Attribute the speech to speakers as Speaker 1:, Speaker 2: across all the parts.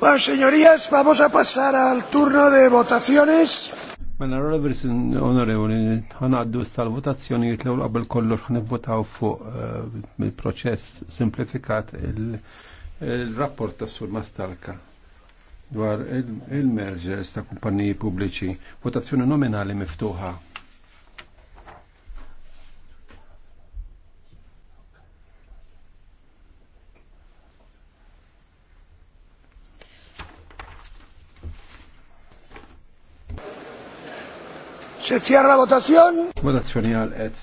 Speaker 1: Bueno, señorías, vamos a pasar al turno de votaciones. Mela onorevoli, onorevoli, ħanaddu sal-votazzjoni jitlew qabel kollox ħanivvotaw fuq eh, il-proċess simplifikat il-rapport ta' sur Mastalka dwar il merġer sta' kumpaniji pubbliċi. Votazzjoni nominali miftuħa. Se cierra votación. Votazzjoni għal qed.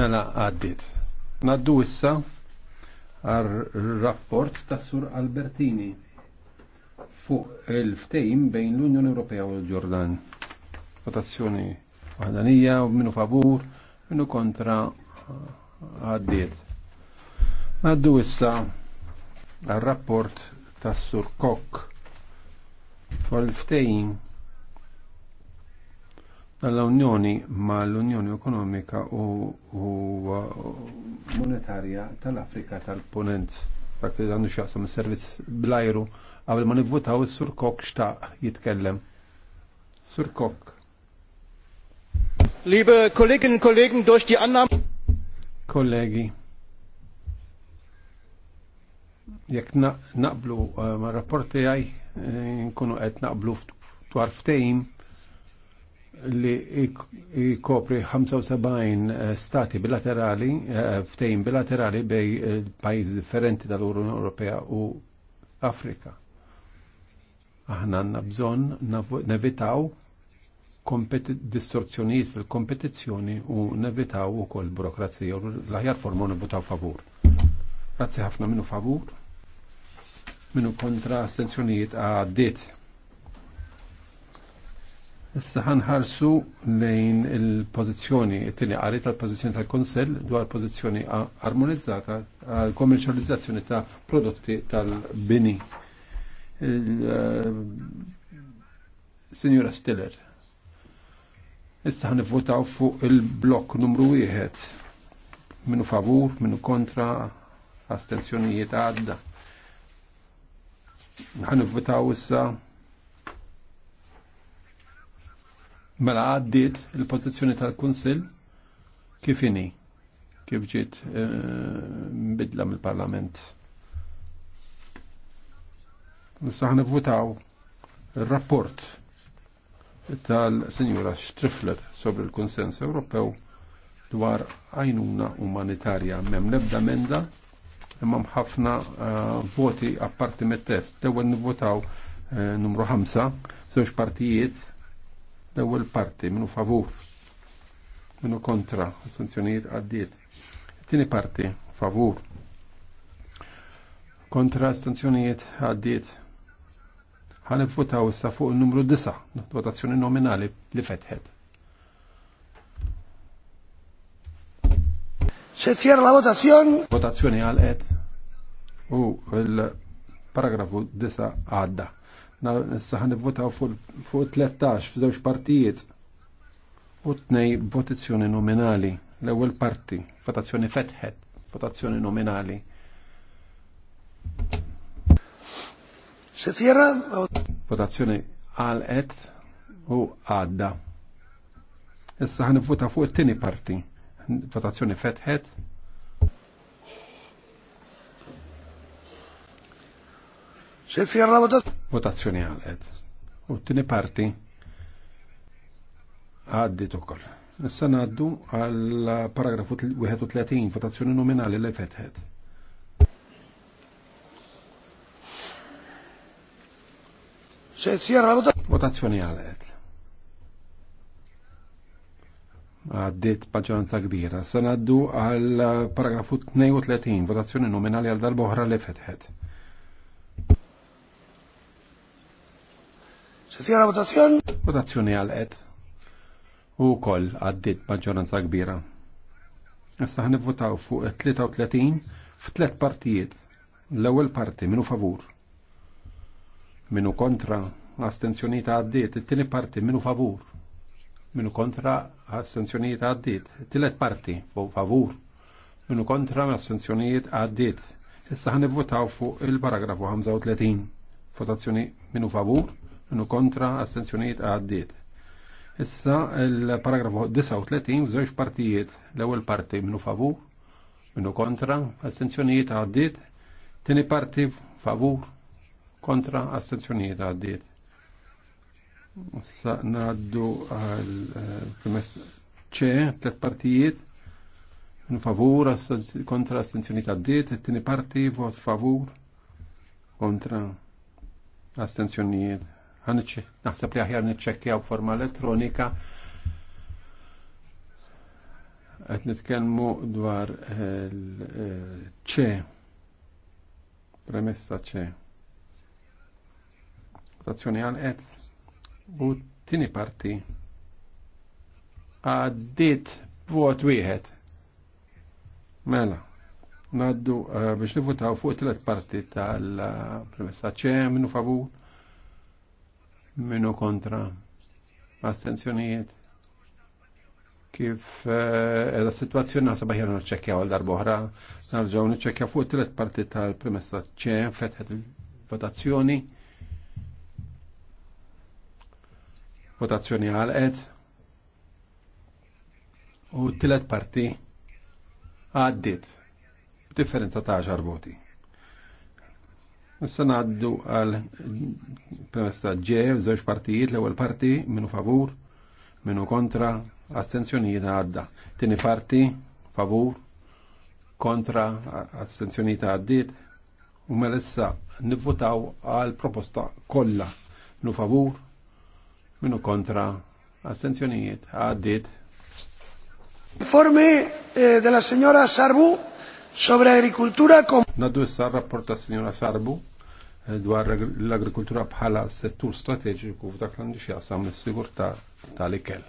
Speaker 1: Mela għaddit. Naddu issa għar rapport ta' Sur Albertini fuq il-ftejm bejn l-Unjoni Ewropea u l-Ġordan. Votazzjoni għadanija u minnu favur, minnu kontra għaddiet. Naddu issa għal rapport tas Sur Kok dwar il-ftejn tal-Unjoni ma l-Unjoni Ekonomika u, Monetarja tal-Afrika tal-Ponent. Dak li għandu xaqsam il-servizz blajru għabel ma nivvutaw il-Sur Kok xtaq jitkellem. Sur Kok. Liebe Kolleginnen und Kollegen, durch die Annahme. Kollegi. Jek naqblu eh, ma' rapporti għaj nkunu qed naqblu dwar ftehim li jkopri 75 eh, stati bilaterali, eh, ftehim bilaterali bej eh, pajjiżi differenti tal-Unjoni Ewropea u Afrika. Aħna għandna bżonn nevitaw distorzjonijiet fil-kompetizzjoni u nevitaw ukoll burokrazija u l-aħjar formu nevitaw favur. Grazzi ħafna minnu favur minu kontra astenzjonijiet għaddit. Issa ħanħarsu lejn il-pozizjoni, it-tini għarri tal-pozizjoni tal-Konsell dwar pozizjoni armonizzata għal kommerċializzazzjoni ta' prodotti tal-bini. Eh, Signora Stiller, issa ħan votaw fuq il-blok numru 1. Minu favur, minu kontra, astenzjonijiet għadda. Nħan votaw issa mela għaddiet il-pozizjoni tal-Kunsill kif ini, kif ġiet mbidla eh, mill-Parlament. Issa ħan votaw il-rapport tal-Sinjura Strifler sobre il-Konsens Ewropew dwar għajnuna umanitarja mem nebda menda imma ħafna eh, voti apparti mit-test. Dewa ewwel nivvotaw eh, numru 5, żewġ partijiet, l parti minu favur, minu kontra, sanzjonijiet għaddiet. Tieni parti favur. Kontra sanzjonijiet għaddiet. Ħanivvotaw issa fuq il-numru 9, votazzjoni nominali li fetħet. Se cierra la votazione. Votazzjoni al et. U l-paragrafu 9 għadda. Issa ħan votaw fuq 13 f'żewġ partijiet u tnej votazzjoni nominali. L-ewwel parti, votazzjoni fetħet, votazzjoni nominali. Se cierra votazzjoni al et u għadda. Issa ħan fuq it-tieni parti votazzjoni fetħet. Se cierra votazzjoni. Votazzjoni għalet. U t-tini parti għaddit ukoll. Nessa naddu għal paragrafu 31 votazzjoni nominali li fetħet. Se fjerra votazzjoni. Votazzjoni għalet. għaddit paġġoranza kbira. Se għal paragrafu 32, votazzjoni nominali għal darba oħra li fetħet. Se votazzjoni? Votazzjoni għal qed. U koll għaddit paġġoranza kbira. Issa ħan votaw fuq 33 f'tlet partijiet. L-ewwel parti minu favur. Minu kontra, astenzjoni ta' għaddiet, it-tieni parti minu favur minu kontra assenzjonijiet għaddit. Tillet parti, favur, minu kontra assenzjonijiet għaddit. Issa ħan votaw fuq il-paragrafu 35. Votazzjoni minu favur, minu kontra assenzjonijiet għaddit. Issa il-paragrafu 39 f'żewġ partijiet. L-ewwel parti minu favur, minu kontra, astenzjonijiet għaddit. tieni parti favur, kontra, astenzjonijiet għaddit. Issa naddu għal eh, premess ċe, tlet partijiet, minn favur, kontra astenzjoni ta' d-diet, it-tini parti, vot favur, kontra astenzjonijiet. Għanċi, naħseb li aħjar nitċekkjaw forma elettronika. Għet nitkelmu dwar eh, ċe, premessa ċe. Votazzjoni għal-qed u tini parti għaddit vot wieħed. Mela, naddu eh, biex nivutaw fuq tlet parti tal-premessa ċem minnu favur, minnu kontra, astenzjonijiet. Kif eh, edha situazzjoni nasa bħajja nċekja għal darboħra, narġaw nċekja fuq tlet parti tal-premessa ċem fetħet il-votazzjoni. Votazzjoni għalqet. U t-tilet parti għaddit. Differenza ta' 10 voti. Nissan għaddu għal premesta ta' ġev, żewġ partijiet, l-ewwel parti minu favur, minu kontra, astenzjonijiet għadda. Tieni parti favur, kontra, astenzjonijiet għaddit, U mela issa nivvotaw għal proposta kollha. Nu favur, Minu kontra. Astenzjonijiet. Għaddit. Informi eh, della signora Sarbu sobre agricultura com... Naddu issa rapport ta' signora Sarbu eh, dwar l-agrikultura bħala settur strateġiku f'dak l-għandu xjasam s-sigurta tal-ikel.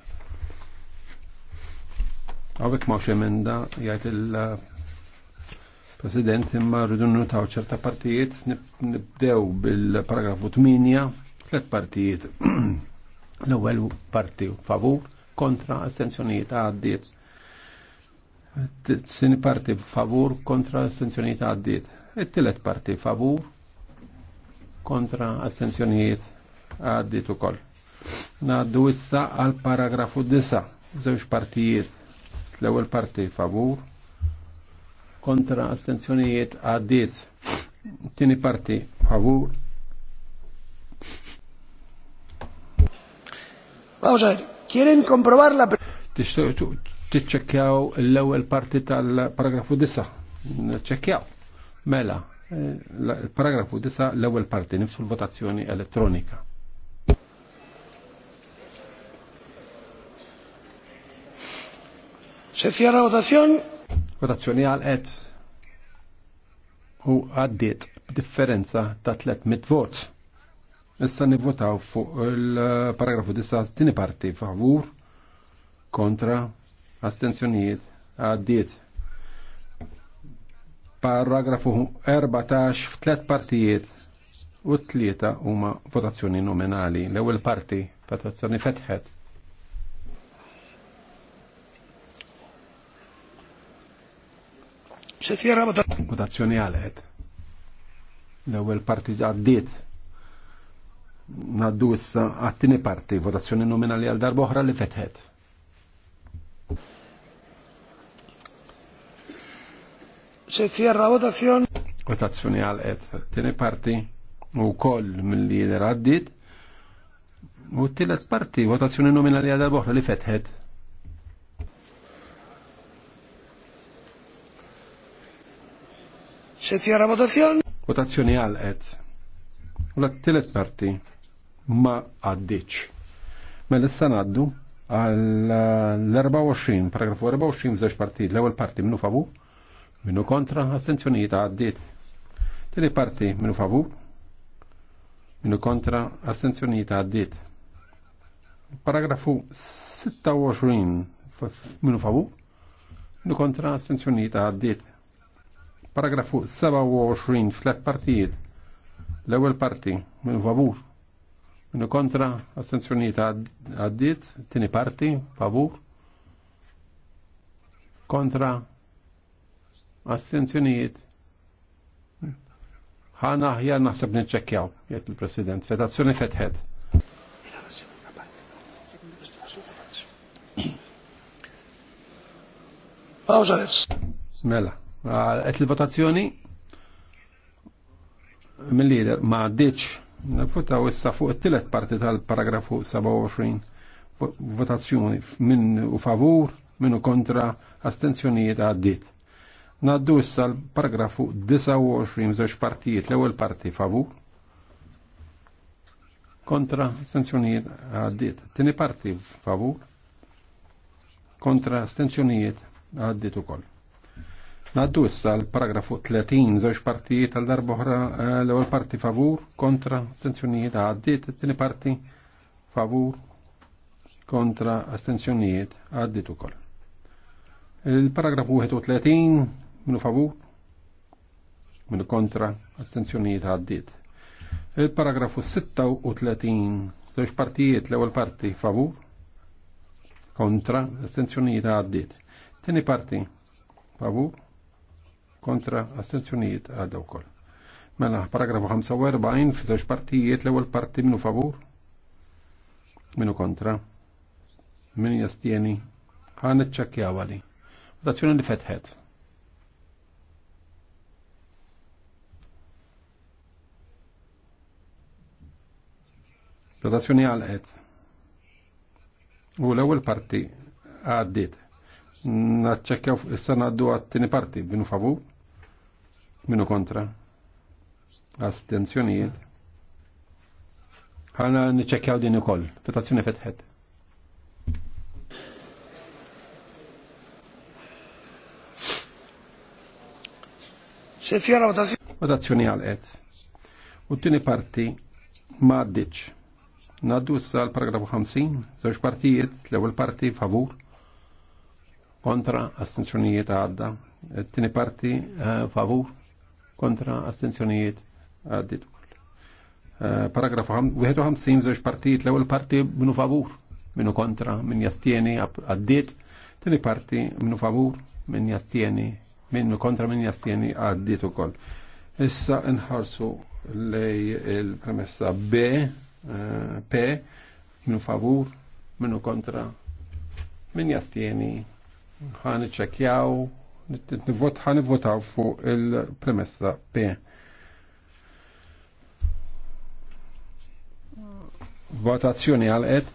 Speaker 1: Għavek ma' xemenda jgħajt il-President imma rridu nutaw ċerta partijiet nibdew bil-paragrafu 8, tlet partijiet L-ewwel parti favur kontra astenzjonijiet għaddiet. Tsini parti favur kontra astenzjonijiet għaddiet. It-tielet parti favur kontra astenzjonijiet għaddiet ukoll. Naddu issa għal paragrafu 9, żewġ partijiet. L-ewwel parti favur kontra astenzjonijiet għaddiet. Tini parti favur Vamos a ver, quieren comprobar la... Tiċċekjaw l-ewel parti tal-paragrafu disa. Ċekjaw. Mela, eh, paragrafu disa l-ewel parti, nifsu l-votazzjoni elettronika. Se cierra votazzjoni? Votazzjoni għal-et u għaddiet differenza ta' 300 vot. Issa nivvotaw fuq il-paragrafu 9 tini parti favur kontra astenzjonijiet għaddiet. Paragrafu 14 f'tlet partijiet u t-tlieta huma votazzjoni nominali. L-ewwel parti votazzjoni fetħet. Votazzjoni għalet. L-ewwel parti għaddiet Naddu issa għattini parti, votazzjoni nominali għal darba oħra li fetħet. Se cierra votazzjoni. Votazzjoni għal għed, Tieni parti u koll mill-li għaddit. U t-tielet parti, votazzjoni nominali għal darba oħra li fetħet. Se cierra votazzjoni. Votazzjoni għal għed, U l-tielet parti, ma għaddiċ. Mela issa ngħaddu għal l-24, paragrafu 24 żewġ partit, l-ewwel parti minnu favur, minnu kontra, astenzjonijiet għaddiet. Tieni parti minnu favur, minnu kontra, astenzjonijiet għaddiet. Paragrafu 26 minnu favur, minnu kontra, astenzjonijiet għaddiet. Paragrafu 27 flet partijiet, l-ewwel parti minnu favur, Minu kontra, astenzjoniet għaddit, tini parti, favur. Kontra, astenzjoniet. Ħana ħjar naħseb nċekjaw, jgħet il-President. Fetazzjoni fetħed. Pawza Mela, ah, għet il-votazzjoni mill-lider ma' ditx Nifutaw issa fuq it-tielet parti tal-paragrafu 27 votazzjoni minn u favur, minn u kontra, astenzjonijiet għaddit. Naddu issa l-paragrafu 29 żewġ partijiet, l-ewwel parti favur, kontra astenzjonijiet għaddit. Tieni parti favur, kontra astenzjonijiet għaddit ukoll. Naddu issa l-paragrafu 30, zoċ partijiet tal darba oħra eh, l-ewwel parti favur, kontra, astenzjonijiet ah, għaddit, it-tieni parti favur, kontra, astenzjonijiet għaddit ukoll. Il-paragrafu 31, minu favur, minu kontra, astenzjonijiet għaddit. Il-paragrafu 36, zoċ partijiet l-ewwel parti favur, kontra, astenzjonijiet għaddit. Tieni parti favur, kontra astenzjonijiet għadda wkoll. Mela, paragrafu 45 fitox partijiet l ewel parti minnu favur, minnu kontra, minnu jastieni, Għan iċċakja għali. Votazzjoni li fetħet. Votazzjoni għalqet. U l ewel parti għaddit. Naċċekkjaw issa ngħaddu għat-tieni parti b'inhu favur. Minu kontra? Astenzjonijiet? Għana niċċekkjaw din ukoll. Votazzjoni fetħet. Se tjera votazzjoni. Votazzjoni għal-qed. U t-tini parti maddiċ. Naddu s l-paragrafu 50, żewġ partijiet, l-ewwel parti favur, kontra astenzjonijiet għadda, t tini parti eh, favur, kontra astenzjonijiet għaddit. Eh, paragrafu 51 żewġ partijiet l-ewwel parti minnu favur, minnu kontra, minn jastieni għaddit, tieni parti minnu favur, minn jastieni, minnu kontra minn jastieni għaddit ukoll. Issa nħarsu lej il-premessa B, eh, P, minnu favur, minnu kontra, minn jastieni, ħan iċċekjaw ħanivvotaw fuq il-premessa B. Votazzjoni għal ed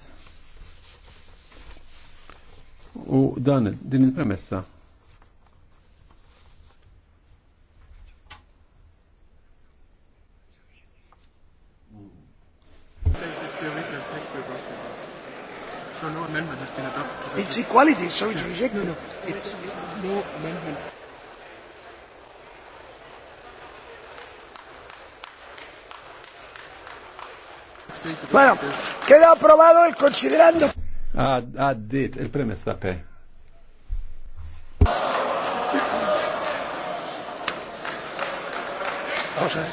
Speaker 1: u dan din il-premessa Thank you. So no amendment has been adopted. It's equality, so it's rejected. No, no. It's no amendment. Bueno, queda aprobado el considerando. Ah, ah, dit, el premio está pe. Vamos a ver.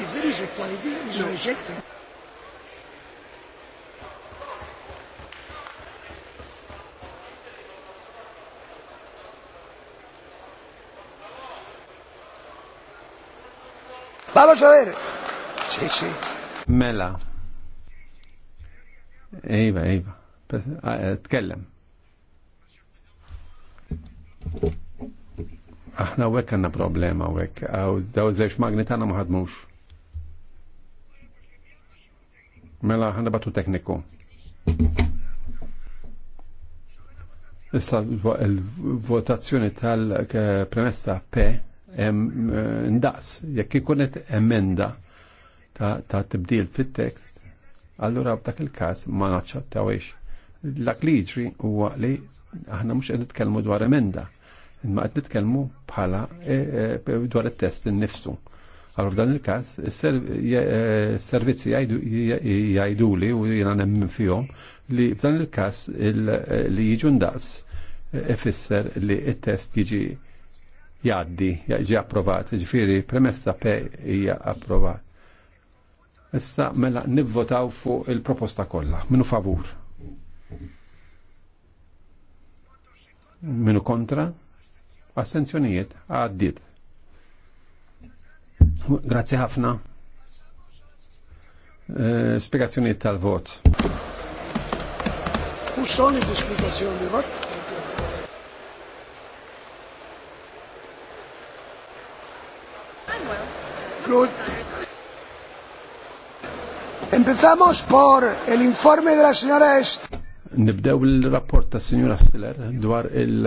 Speaker 1: If there is equality, it's rejected. Vamos a ver. Sí, sí. Mela. Iva, iva. Ah, eh, tkellem. Aħna u għek problema u għek. Daw zeċ magnetana għanna maħadmux. Mela għanna batu tekniku. Issa il-votazzjoni tal-premessa eh, P Eh, ndaqs, jekk ikunet emenda ta' tibdil fit-tekst, allura b'dak il-każ ma naċċettawiex. Dak li jiġri huwa li aħna mhux qed nitkellmu dwar emenda, imma qed nitkellmu bħala eh, eh, dwar it-test innifsu. Allora f'dan il-każ is-servizzi jgħidu li u jiena nemmen fihom li f'dan il-każ li jiġu ndaqs ifisser li t test jiġi jaddi, ġi approvat, ġifiri premessa pe hija approvat. Issa mela nivvotaw fuq il-proposta kollha, minu favur. Minu kontra? Assenzjonijiet għaddit. Grazzi ħafna. E, eh, Spiegazzjoniet tal-vot. Kus son iż-esplikazzjoni, vot? Good. Empezamos por el informe de la señora Est. Nibdew il-rapport ta' signora Stiller dwar il-